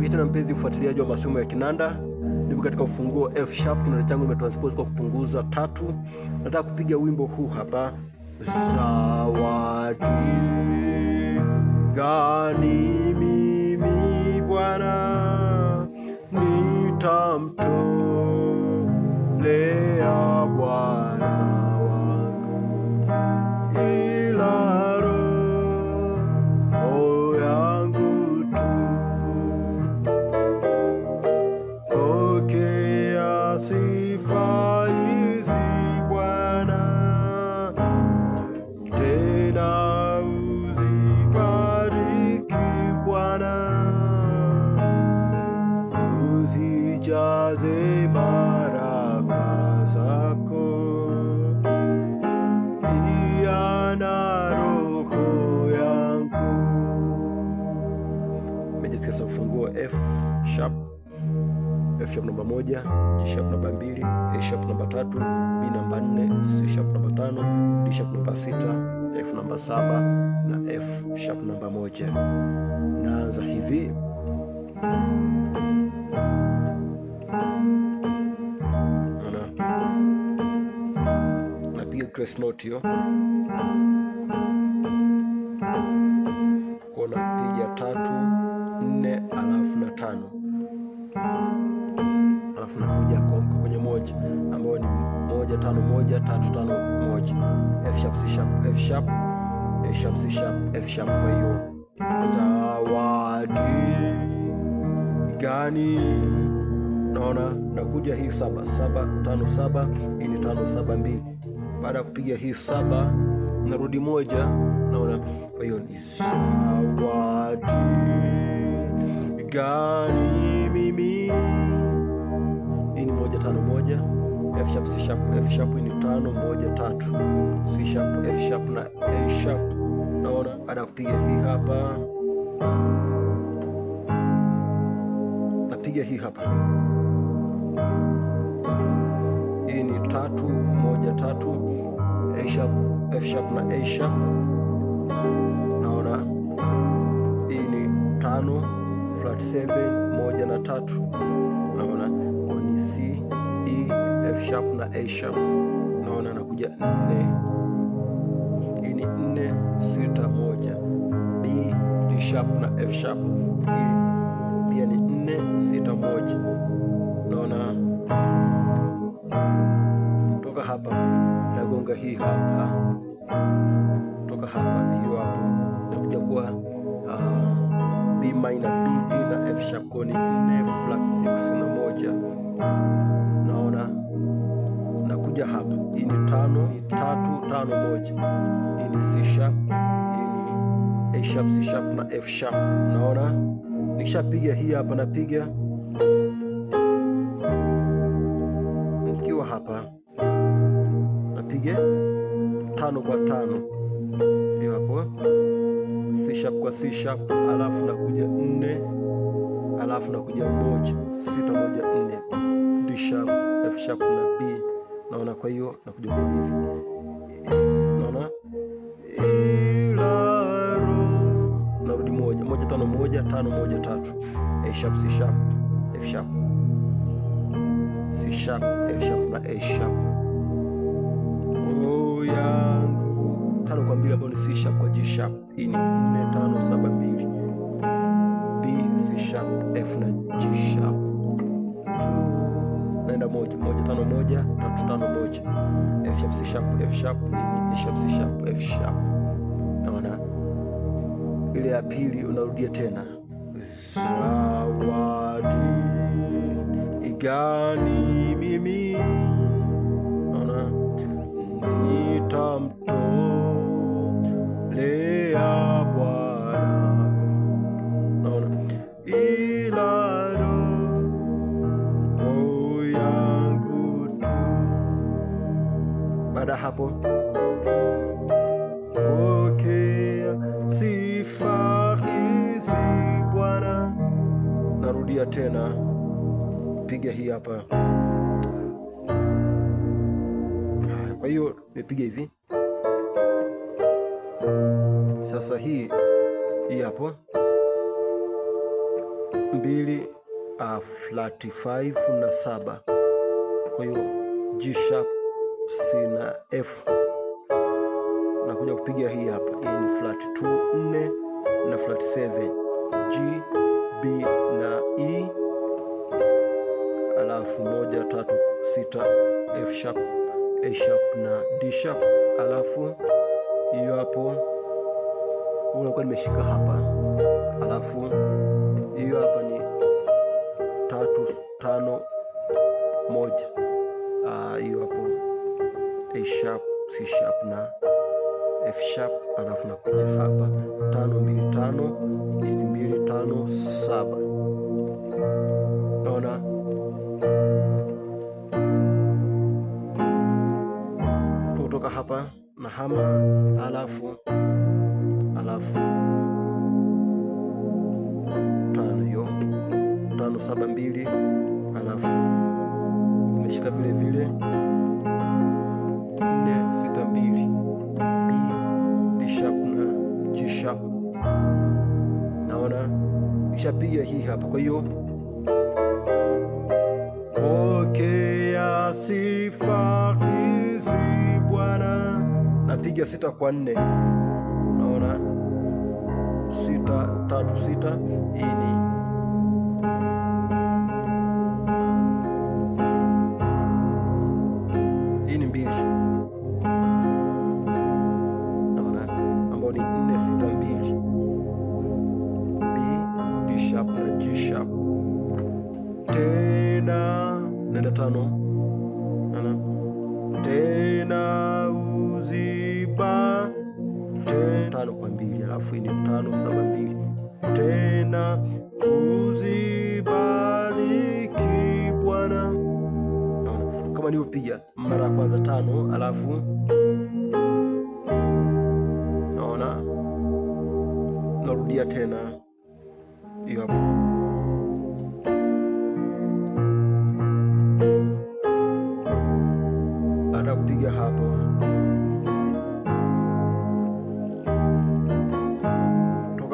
Karibu tena mpenzi ufuatiliaji wa masomo ya kinanda. Nipo katika ufunguo F sharp, kinanda changu imetranspose kwa kupunguza tatu. Nataka kupiga wimbo huu hapa. Zawadi gani mimi Bwana nitamtolea namba moja, G sharp namba mbili, A sharp namba tatu, B namba nne, C sharp namba tano, D sharp namba sita, F namba saba na F sharp namba moja. Naanza hivi na napiga crest note hiyo. moja tatu tano moja F sharp C sharp F sharp A sharp C sharp F sharp. Kwa hiyo zawadi gani? Naona nakuja hii saba saba tano saba, hii ni tano saba mbili. Baada ya kupiga hii saba narudi moja, naona kwa hiyo ni zawadi gani mimi? Hii ni moja tano moja F sharp C sharp F sharp ni tano moja tatu C sharp F sharp na A sharp. Naona ada kupiga hii hapa napiga hii hapa, hii ni tatu moja tatu A sharp F sharp na A sharp. Naona hii ni tano flat 7 moja na tatu, naona ni C D, F sharp na A sharp. Naona nakuja nne, hii ni nne sita moja, B, D sharp na F sharp. Hii pia ni nne sita moja. Naona kutoka hapa nagonga hii hapa, kutoka hapa hiyo hapo nakuja kuwa uh, B minor, B, D na F sharp koni nne flat 6 na moja Naona nakuja hapa, hii ni tano, ni tatu tano moja, hii ni C sharp, hii ni A sharp, C sharp na F sharp. Naona nikishapiga hii hapa, napiga nikiwa hapa, napiga tano kwa tano, hiyo hapo C sharp kwa C sharp, alafu nakuja nne, alafu nakuja moja sita sharp na B, naona. Kwa hiyo nakuja kwa hivi, naona narudi moja moja tano moja tano moja tatu, A sharp C sharp F sharp C sharp F sharp na A sharp. yangu tano kwa mbili ambayo ni C sharp kwa G sharp, hii ni nne tano saba mbili B C sharp F na G sharp kwenda moja moja tano moja tatu tano moja F sharp C sharp F sharp E sharp C sharp F sharp. Naona ile ya pili unarudia tena zawadi igani mimi naona nitam hapo. Pokea sifa hizi Bwana. Narudia tena, piga hii hapa. Kwa hiyo nipige hivi sasa, hii hii hapo mbili a ah, flat 5 na saba, kwa hiyo G sharp C na F. Nakuja kupiga hii hapa, hii ni flat 2 4 na flat 7, G, B na E, alafu moja tatu sita, F sharp, A sharp na D sharp, alafu hiyo hapo unakuwa nimeshika hapa, alafu hiyo hapa ni tatu tano moja ah, hiyo hapo A sharp, C sharp na F sharp, alafu nakuja hapa tano mbili tano hii mbili tano saba. Naona kutoka hapa na hama, alafu alafu tano hiyo tano saba mbili, alafu umeshika vile vile utapiga hii hapa. Kwa hiyo pokea sifa hizi Bwana, napiga sita kwa nne, unaona sita tatu sita, hii ni alafu ni tano saba mbili tena uzibariki Bwana. Kama nilivyopiga mara ya kwanza tano, alafu naona narudia tena hiyo hapo.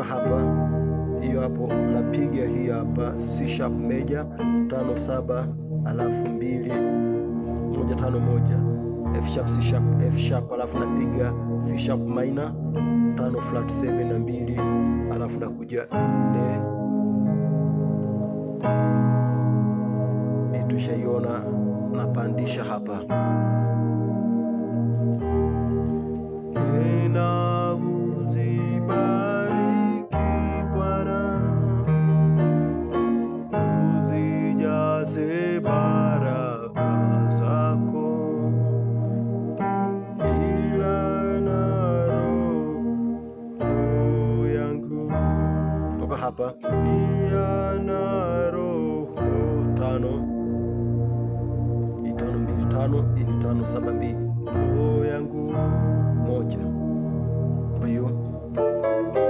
hapa, hiyo hapo napiga hiyo hapa C sharp major tano saba, alafu mbili moja tano moja F sharp C sharp F sharp, alafu napiga C sharp minor tano flat 7 na mbili, alafu nakuja nne nitushaiona napandisha hapa. hapa yana roho tano itano mbili tano ili tano saba mbili roho yangu moja kwa hiyo